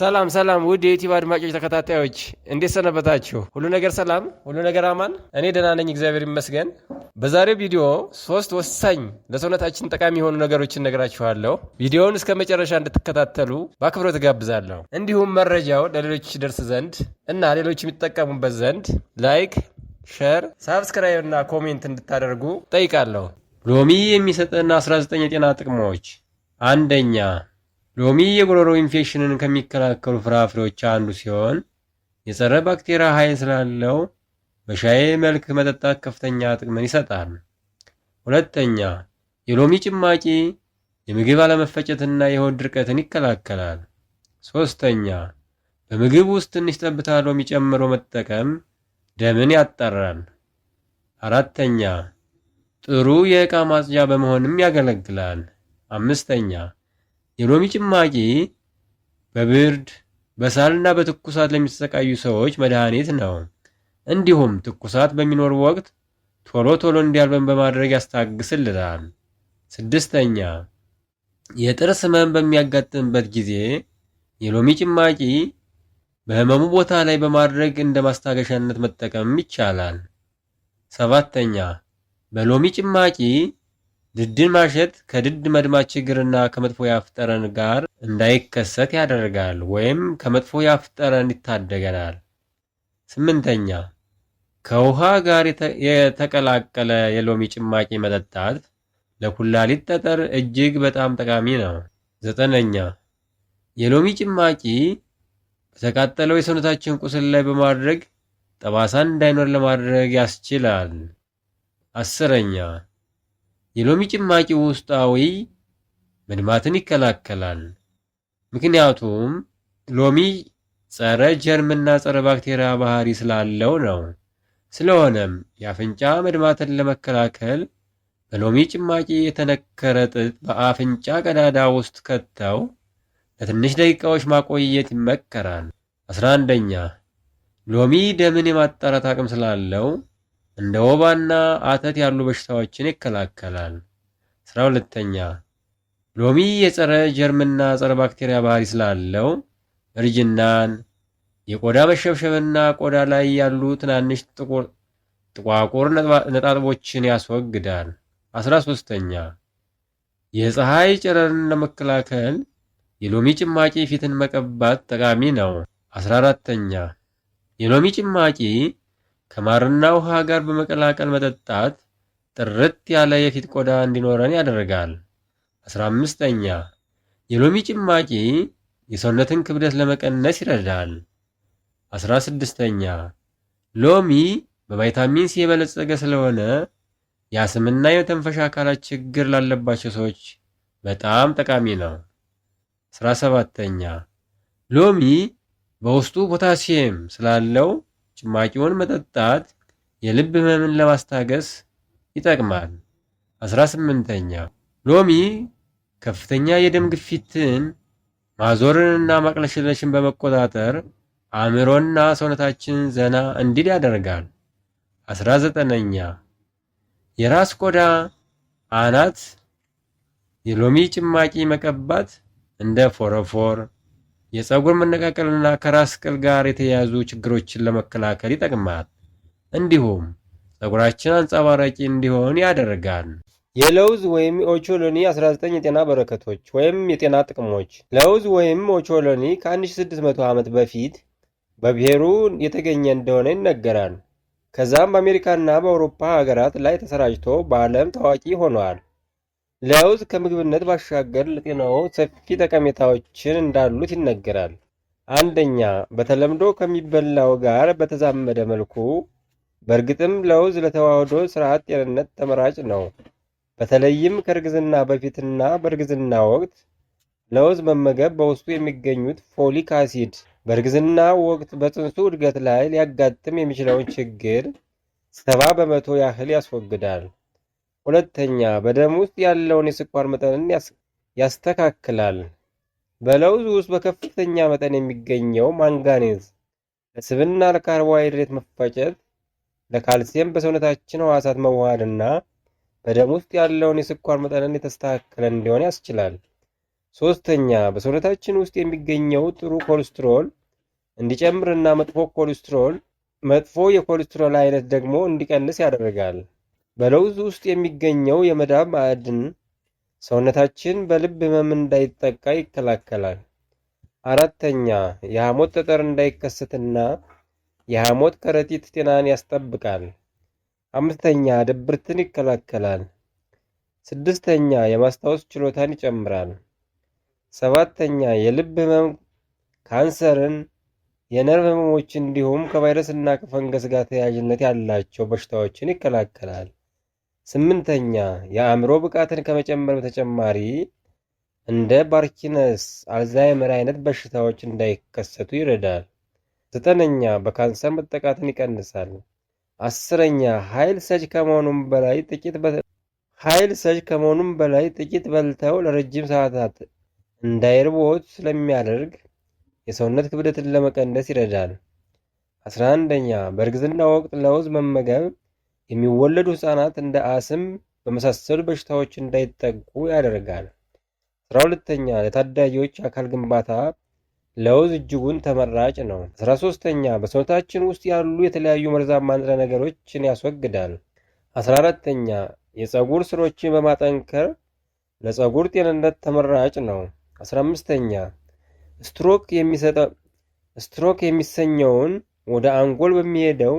ሰላም ሰላም ውድ የዩቲዩብ አድማጮች ተከታታዮች እንዴት ሰነበታችሁ? ሁሉ ነገር ሰላም፣ ሁሉ ነገር አማን። እኔ ደህና ነኝ፣ እግዚአብሔር ይመስገን። በዛሬው ቪዲዮ ሶስት ወሳኝ ለሰውነታችን ጠቃሚ የሆኑ ነገሮችን ነግራችኋለሁ። ቪዲዮውን እስከ መጨረሻ እንድትከታተሉ በአክብሮት ጋብዛለሁ። እንዲሁም መረጃው ለሌሎች ደርስ ዘንድ እና ሌሎች የሚጠቀሙበት ዘንድ ላይክ፣ ሼር፣ ሳብስክራይብ እና ኮሜንት እንድታደርጉ ጠይቃለሁ። ሎሚ የሚሰጠን 19 የጤና ጥቅሞች አንደኛ ሎሚ የጉሮሮ ኢንፌክሽንን ከሚከላከሉ ፍራፍሬዎች አንዱ ሲሆን የጸረ ባክቴሪያ ኃይል ስላለው በሻይ መልክ መጠጣት ከፍተኛ ጥቅምን ይሰጣል። ሁለተኛ፣ የሎሚ ጭማቂ የምግብ አለመፈጨትና የሆድ ድርቀትን ይከላከላል። ሶስተኛ፣ በምግብ ውስጥ ትንሽ ጠብታ ሎሚ ጨምሮ መጠቀም ደምን ያጣራል። አራተኛ፣ ጥሩ የዕቃ ማጽጃ በመሆንም ያገለግላል። አምስተኛ የሎሚ ጭማቂ በብርድ በሳልና በትኩሳት ለሚሰቃዩ ሰዎች መድኃኒት ነው። እንዲሁም ትኩሳት በሚኖር ወቅት ቶሎ ቶሎ እንዲያልበን በማድረግ ያስታግስልታል። ስድስተኛ የጥርስ ህመም በሚያጋጥምበት ጊዜ የሎሚ ጭማቂ በህመሙ ቦታ ላይ በማድረግ እንደ ማስታገሻነት መጠቀም ይቻላል። ሰባተኛ በሎሚ ጭማቂ ድድን ማሸት ከድድ መድማት ችግርና ከመጥፎ ያፍጠረን ጋር እንዳይከሰት ያደርጋል ወይም ከመጥፎ ያፍጠረን ይታደገናል። ስምንተኛ ከውሃ ጋር የተቀላቀለ የሎሚ ጭማቂ መጠጣት ለኩላሊት ጠጠር እጅግ በጣም ጠቃሚ ነው። ዘጠነኛ የሎሚ ጭማቂ በተቃጠለው የሰውነታችን ቁስል ላይ በማድረግ ጠባሳ እንዳይኖር ለማድረግ ያስችላል። አስረኛ የሎሚ ጭማቂ ውስጣዊ ምድማትን ይከላከላል። ምክንያቱም ሎሚ ጸረ ጀርምና ጸረ ባክቴሪያ ባህሪ ስላለው ነው። ስለሆነም የአፍንጫ ምድማትን ለመከላከል በሎሚ ጭማቂ የተነከረ ጥጥ በአፍንጫ ቀዳዳ ውስጥ ከተው ለትንሽ ደቂቃዎች ማቆየት ይመከራል። አስራ አንደኛ ሎሚ ደምን የማጣራት አቅም ስላለው እንደ ወባና አተት ያሉ በሽታዎችን ይከላከላል። ስራ ሁለተኛ ሎሚ የጸረ ጀርምና ጸረ ባክቴሪያ ባህሪ ስላለው እርጅናን፣ የቆዳ መሸብሸብና ቆዳ ላይ ያሉ ትናንሽ ጥቋቁር ነጣጥቦችን ያስወግዳል። አስራ ሶስተኛ የፀሐይ ጨረርን ለመከላከል የሎሚ ጭማቂ ፊትን መቀባት ጠቃሚ ነው። አስራ አራተኛ የሎሚ ጭማቂ ከማርና ውሃ ጋር በመቀላቀል መጠጣት ጥርት ያለ የፊት ቆዳ እንዲኖረን ያደርጋል። አስራ አምስተኛ የሎሚ ጭማቂ የሰውነትን ክብደት ለመቀነስ ይረዳል። አስራ ስድስተኛ ሎሚ በቫይታሚን ሲ የበለጸገ ስለሆነ የአስምና የመተንፈሻ አካላት ችግር ላለባቸው ሰዎች በጣም ጠቃሚ ነው። አስራ ሰባተኛ ሎሚ በውስጡ ፖታሲየም ስላለው ጭማቂውን መጠጣት የልብ ህመምን ለማስታገስ ይጠቅማል። 18ኛ ሎሚ ከፍተኛ የደም ግፊትን ማዞርንና ማቅለሽለሽን በመቆጣጠር አእምሮና ሰውነታችን ዘና እንዲል ያደርጋል። 19ኛ የራስ ቆዳ አናት የሎሚ ጭማቂ መቀባት እንደ ፎረፎር የፀጉር መነቃቀልና ከራስ ቅል ጋር የተያያዙ ችግሮችን ለመከላከል ይጠቅማል። እንዲሁም ፀጉራችን አንጸባራቂ እንዲሆን ያደርጋል። የለውዝ ወይም ኦቾሎኒ 19 የጤና በረከቶች ወይም የጤና ጥቅሞች። ለውዝ ወይም ኦቾሎኒ ከ1600 ዓመት በፊት በብሔሩ የተገኘ እንደሆነ ይነገራል። ከዛም በአሜሪካና በአውሮፓ ሀገራት ላይ ተሰራጭቶ በዓለም ታዋቂ ሆኗል። ለውዝ ከምግብነት ባሻገር ለጤናው ሰፊ ጠቀሜታዎችን እንዳሉት ይነገራል። አንደኛ፣ በተለምዶ ከሚበላው ጋር በተዛመደ መልኩ። በእርግጥም ለውዝ ለተዋህዶ ስርዓት ጤንነት ተመራጭ ነው። በተለይም ከእርግዝና በፊትና በእርግዝና ወቅት ለውዝ መመገብ በውስጡ የሚገኙት ፎሊክ አሲድ በእርግዝና ወቅት በፅንሱ እድገት ላይ ሊያጋጥም የሚችለውን ችግር ሰባ በመቶ ያህል ያስወግዳል። ሁለተኛ በደም ውስጥ ያለውን የስኳር መጠንን ያስተካክላል። በለውዝ ውስጥ በከፍተኛ መጠን የሚገኘው ማንጋኔዝ ለስብና ለካርቦሃይድሬት መፋጨት፣ ለካልሲየም በሰውነታችን መዋሃድ መዋሃድና በደም ውስጥ ያለውን የስኳር መጠንን የተስተካከለ እንዲሆን ያስችላል። ሶስተኛ በሰውነታችን ውስጥ የሚገኘው ጥሩ ኮሌስትሮል እንዲጨምርና መጥፎ ኮሌስትሮል መጥፎ የኮሌስትሮል አይነት ደግሞ እንዲቀንስ ያደርጋል። በለውዝ ውስጥ የሚገኘው የመዳብ ማዕድን ሰውነታችን በልብ ህመም እንዳይጠቃ ይከላከላል። አራተኛ የሐሞት ጠጠር እንዳይከሰትና የሐሞት ከረጢት ጤናን ያስጠብቃል። አምስተኛ ድብርትን ይከላከላል። ስድስተኛ የማስታወስ ችሎታን ይጨምራል። ሰባተኛ የልብ ህመም፣ ካንሰርን፣ የነርቭ ህመሞች እንዲሁም ከቫይረስና ከፈንገስ ጋር ተያያዥነት ያላቸው በሽታዎችን ይከላከላል። ስምንተኛ የአእምሮ ብቃትን ከመጨመር በተጨማሪ እንደ ባርኪነስ፣ አልዛይመር አይነት በሽታዎች እንዳይከሰቱ ይረዳል። ዘጠነኛ በካንሰር መጠቃትን ይቀንሳል። አስረኛ ኃይል ሰጭ ከመሆኑም በላይ ጥቂት ኃይል ሰጭ ከመሆኑም በላይ ጥቂት በልተው ለረጅም ሰዓታት እንዳይርቦት ስለሚያደርግ የሰውነት ክብደትን ለመቀነስ ይረዳል። አስራ አንደኛ በእርግዝና ወቅት ለውዝ መመገብ የሚወለዱ ህፃናት እንደ አስም በመሳሰሉ በሽታዎች እንዳይጠቁ ያደርጋል። አስራ ሁለተኛ ለታዳጊዎች አካል ግንባታ ለውዝ እጅጉን ተመራጭ ነው። አስራ ሶስተኛ በሰውነታችን ውስጥ ያሉ የተለያዩ መርዛማ ንጥረ ነገሮችን ያስወግዳል። አስራ አራተኛ የፀጉር ስሮችን በማጠንከር ለፀጉር ጤንነት ተመራጭ ነው። አስራ አምስተኛ ስትሮክ ስትሮክ የሚሰኘውን ወደ አንጎል በሚሄደው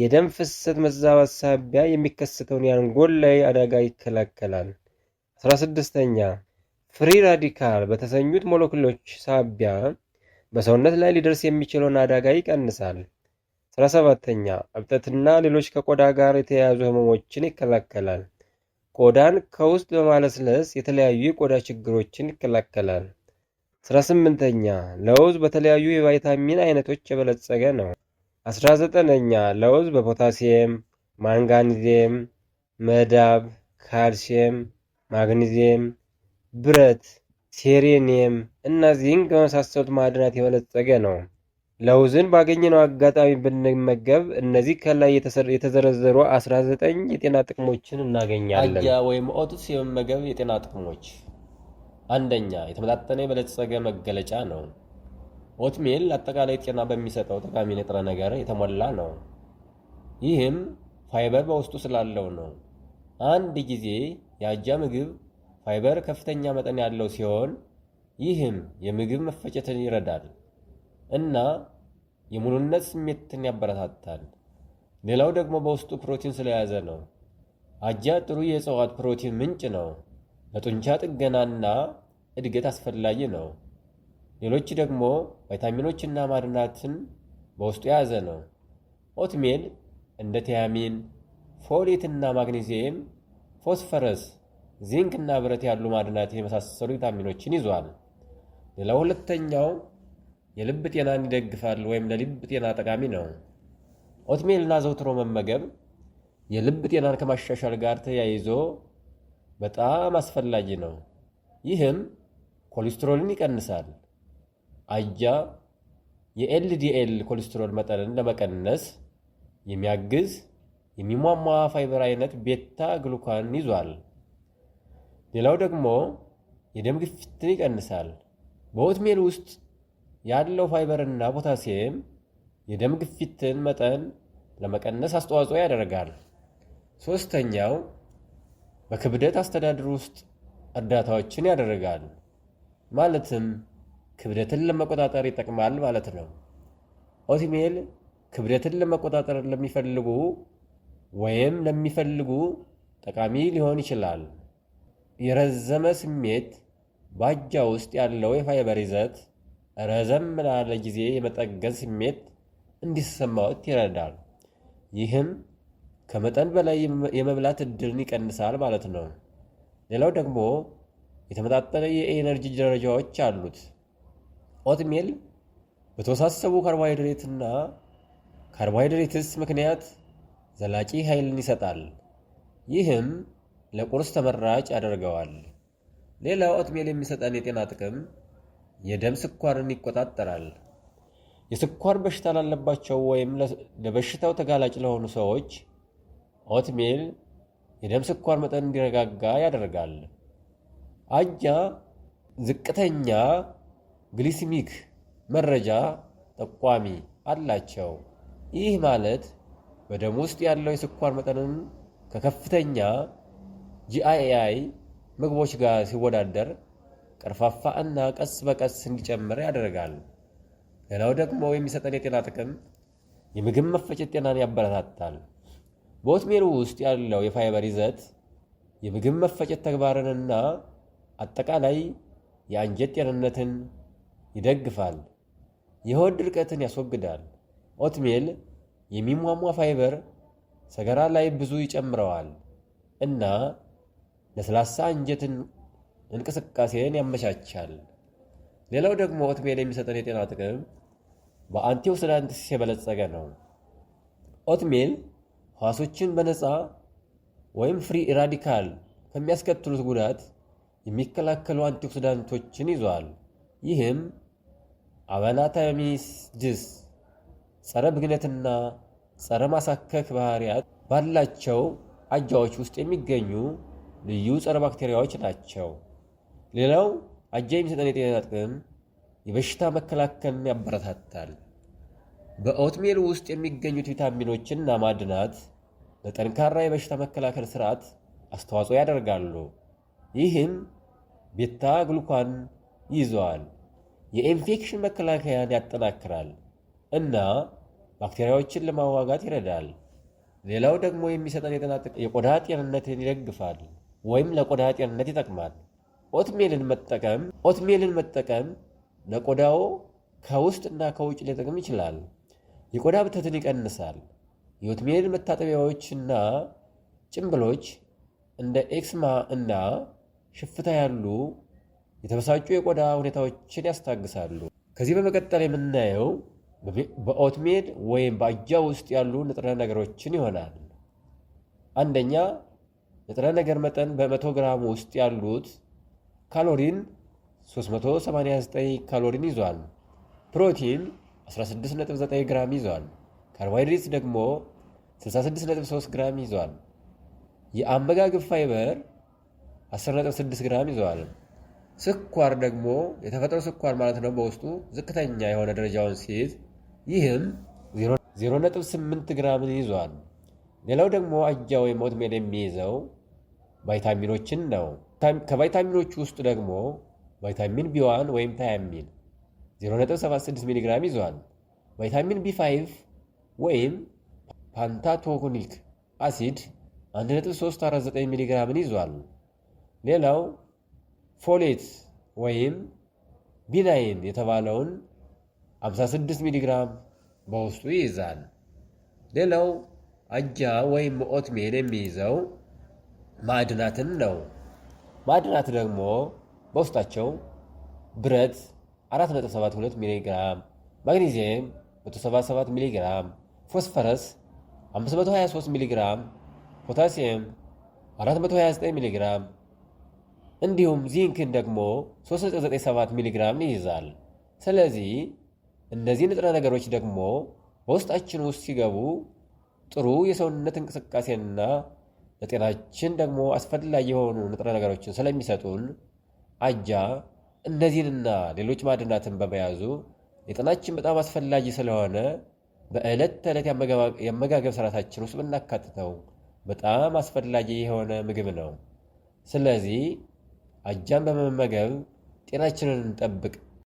የደም ፍሰት መዛባት ሳቢያ የሚከሰተውን የአንጎል ላይ አደጋ ይከላከላል። 16ኛ ፍሪ ራዲካል በተሰኙት ሞለኪሎች ሳቢያ በሰውነት ላይ ሊደርስ የሚችለውን አደጋ ይቀንሳል። 17ኛ እብጠትና ሌሎች ከቆዳ ጋር የተያያዙ ህመሞችን ይከላከላል። ቆዳን ከውስጥ በማለስለስ የተለያዩ የቆዳ ችግሮችን ይከላከላል። 18ኛ ለውዝ በተለያዩ የቫይታሚን አይነቶች የበለጸገ ነው። አስራ ዘጠነኛ ለውዝ በፖታሲየም ማንጋኒዚየም፣ መዳብ ካልሲየም ማግኒዚየም ብረት ሴሬኒየም እና ዚንክ በመሳሰሉት ማዕድናት የበለጸገ ነው። ለውዝን ባገኘነው አጋጣሚ ብንመገብ እነዚህ ከላይ የተዘረዘሩ 19 የጤና ጥቅሞችን እናገኛለን። አጃ ወይም ኦትስ የመመገብ የጤና ጥቅሞች፣ አንደኛ የተመጣጠነ የበለጸገ መገለጫ ነው። ኦትሜል አጠቃላይ ጤና በሚሰጠው ጠቃሚ ንጥረ ነገር የተሞላ ነው። ይህም ፋይበር በውስጡ ስላለው ነው። አንድ ጊዜ የአጃ ምግብ ፋይበር ከፍተኛ መጠን ያለው ሲሆን ይህም የምግብ መፈጨትን ይረዳል እና የሙሉነት ስሜትን ያበረታታል። ሌላው ደግሞ በውስጡ ፕሮቲን ስለያዘ ነው። አጃ ጥሩ የእጽዋት ፕሮቲን ምንጭ ነው። ለጡንቻ ጥገናና እድገት አስፈላጊ ነው። ሌሎች ደግሞ ቫይታሚኖችና ማዕድናትን በውስጡ የያዘ ነው። ኦትሜል እንደ ቲያሚን፣ ፎሌትና ማግኔዚየም፣ ፎስፈረስ፣ ዚንክ እና ብረት ያሉ ማድናት የመሳሰሉ ቪታሚኖችን ይዟል። ሌላው ሁለተኛው የልብ ጤናን ይደግፋል ወይም ለልብ ጤና ጠቃሚ ነው። ኦትሜልና ዘውትሮ መመገብ የልብ ጤናን ከማሻሻል ጋር ተያይዞ በጣም አስፈላጊ ነው። ይህም ኮሌስትሮልን ይቀንሳል። አጃ የኤልዲኤል ኮሌስትሮል መጠንን ለመቀነስ የሚያግዝ የሚሟሟ ፋይበር አይነት ቤታ ግሉካን ይዟል። ሌላው ደግሞ የደም ግፊትን ይቀንሳል። በኦትሜል ውስጥ ያለው ፋይበርና ፖታሲየም የደም ግፊትን መጠን ለመቀነስ አስተዋጽኦ ያደርጋል። ሶስተኛው በክብደት አስተዳደር ውስጥ እርዳታዎችን ያደርጋል ማለትም ክብደትን ለመቆጣጠር ይጠቅማል ማለት ነው። ኦትሜል ክብደትን ለመቆጣጠር ለሚፈልጉ ወይም ለሚፈልጉ ጠቃሚ ሊሆን ይችላል። የረዘመ ስሜት ባጃ ውስጥ ያለው የፋይበር ይዘት ረዘም ላለ ጊዜ የመጠገን ስሜት እንዲሰማዎት ይረዳል። ይህም ከመጠን በላይ የመብላት እድልን ይቀንሳል ማለት ነው። ሌላው ደግሞ የተመጣጠነ የኤነርጂ ደረጃዎች አሉት። ኦትሜል በተወሳሰቡ ካርቦሃይድሬትና ካርቦሃይድሬትስ ምክንያት ዘላቂ ኃይልን ይሰጣል። ይህም ለቁርስ ተመራጭ ያደርገዋል። ሌላው ኦትሜል የሚሰጠን የጤና ጥቅም የደም ስኳርን ይቆጣጠራል። የስኳር በሽታ ላለባቸው ወይም ለበሽታው ተጋላጭ ለሆኑ ሰዎች ኦትሜል የደም ስኳር መጠን እንዲረጋጋ ያደርጋል። አጃ ዝቅተኛ ግሊሲሚክ መረጃ ጠቋሚ አላቸው። ይህ ማለት በደም ውስጥ ያለው የስኳር መጠንን ከከፍተኛ ጂአይአይ ምግቦች ጋር ሲወዳደር ቀርፋፋ እና ቀስ በቀስ እንዲጨምር ያደርጋል። ሌላው ደግሞ የሚሰጠን የጤና ጥቅም የምግብ መፈጨት ጤናን ያበረታታል። በኦትሜል ውስጥ ያለው የፋይበር ይዘት የምግብ መፈጨት ተግባርንና አጠቃላይ የአንጀት ጤንነትን ይደግፋል፣ የሆድ ድርቀትን ያስወግዳል። ኦትሜል የሚሟሟ ፋይበር ሰገራ ላይ ብዙ ይጨምረዋል እና ለስላሳ አንጀትን እንቅስቃሴን ያመቻቻል። ሌላው ደግሞ ኦትሜል የሚሰጠን የጤና ጥቅም በአንቲኦክሲዳንትስ የበለጸገ ነው። ኦትሜል ህዋሶችን በነፃ ወይም ፍሪ ራዲካል ከሚያስከትሉት ጉዳት የሚከላከሉ አንቲኦክሲዳንቶችን ይዟል። ይህም አባላተ ሚስድስ ጸረ ብግነትና ጸረ ማሳከክ ባህሪያት ባላቸው አጃዎች ውስጥ የሚገኙ ልዩ ጸረ ባክቴሪያዎች ናቸው። ሌላው አጃ የሚሰጠን የጤና ጥቅም የበሽታ መከላከልን ያበረታታል። በኦትሜል ውስጥ የሚገኙት ቪታሚኖችና ማዕድናት ለጠንካራ የበሽታ መከላከል ስርዓት አስተዋጽኦ ያደርጋሉ። ይህም ቤታ ግሉካን ይዘዋል። የኢንፌክሽን መከላከያን ያጠናክራል እና ባክቴሪያዎችን ለማዋጋት ይረዳል። ሌላው ደግሞ የሚሰጠን የጤና የቆዳ ጤንነትን ይደግፋል ወይም ለቆዳ ጤንነት ይጠቅማል። ኦትሜልን መጠቀም ኦትሜልን መጠቀም ለቆዳው እና ከውጭ ሊጠቅም ይችላል። የቆዳ ብተትን ይቀንሳል። የኦትሜል መታጠቢያዎችና ጭንብሎች እንደ ኤክስማ እና ሽፍታ ያሉ የተበሳጩ የቆዳ ሁኔታዎችን ያስታግሳሉ። ከዚህ በመቀጠል የምናየው በኦትሜል ወይም በአጃ ውስጥ ያሉ ንጥረ ነገሮችን ይሆናል። አንደኛ ንጥረ ነገር መጠን በመቶ ግራም ውስጥ ያሉት ካሎሪን 389 ካሎሪን ይዟል። ፕሮቲን 169 ግራም ይዟል። ካርቦሃይድሬት ደግሞ 663 ግራም ይዟል። የአመጋገብ ፋይበር 106 ግራም ይዟል። ስኳር ደግሞ የተፈጥሮ ስኳር ማለት ነው በውስጡ ዝቅተኛ የሆነ ደረጃውን ሲይዝ ይህም 0.8 ግራምን ይዟል። ሌላው ደግሞ አጃ ወይም ኦትሜል የሚይዘው ቫይታሚኖችን ነው። ከቫይታሚኖቹ ውስጥ ደግሞ ቫይታሚን ቢዋን ወይም ታያሚን 0.76 ሚሊግራም ይዟል። ቫይታሚን ቢ5 ወይም ፓንታቶኒክ አሲድ 1.349 ሚሊግራምን ይዟል። ሌላው ፎሌት ወይም ቢናይን የተባለውን 56 ሚሊግራም በውስጡ ይይዛል። ሌላው አጃ ወይም ኦትሜል የሚይዘው ማዕድናትን ነው። ማዕድናት ደግሞ በውስጣቸው ብረት 4.72 ሚሊግራም፣ ማግኔዚየም 177 ሚሊግራም፣ ፎስፈረስ 523 ሚሊግራም፣ ፖታሲየም 429 ሚሊግራም እንዲሁም ዚንክን ደግሞ 397 ሚሊግራም ይይዛል። ስለዚህ እነዚህ ንጥረ ነገሮች ደግሞ በውስጣችን ውስጥ ሲገቡ ጥሩ የሰውነት እንቅስቃሴና ለጤናችን ደግሞ አስፈላጊ የሆኑ ንጥረ ነገሮችን ስለሚሰጡን አጃ እነዚህንና ሌሎች ማዕድናትን በመያዙ የጤናችን በጣም አስፈላጊ ስለሆነ በዕለት ተዕለት የአመጋገብ ስርዓታችን ውስጥ ብናካትተው በጣም አስፈላጊ የሆነ ምግብ ነው። ስለዚህ አጃን በመመገብ ጤናችንን እንጠብቅ።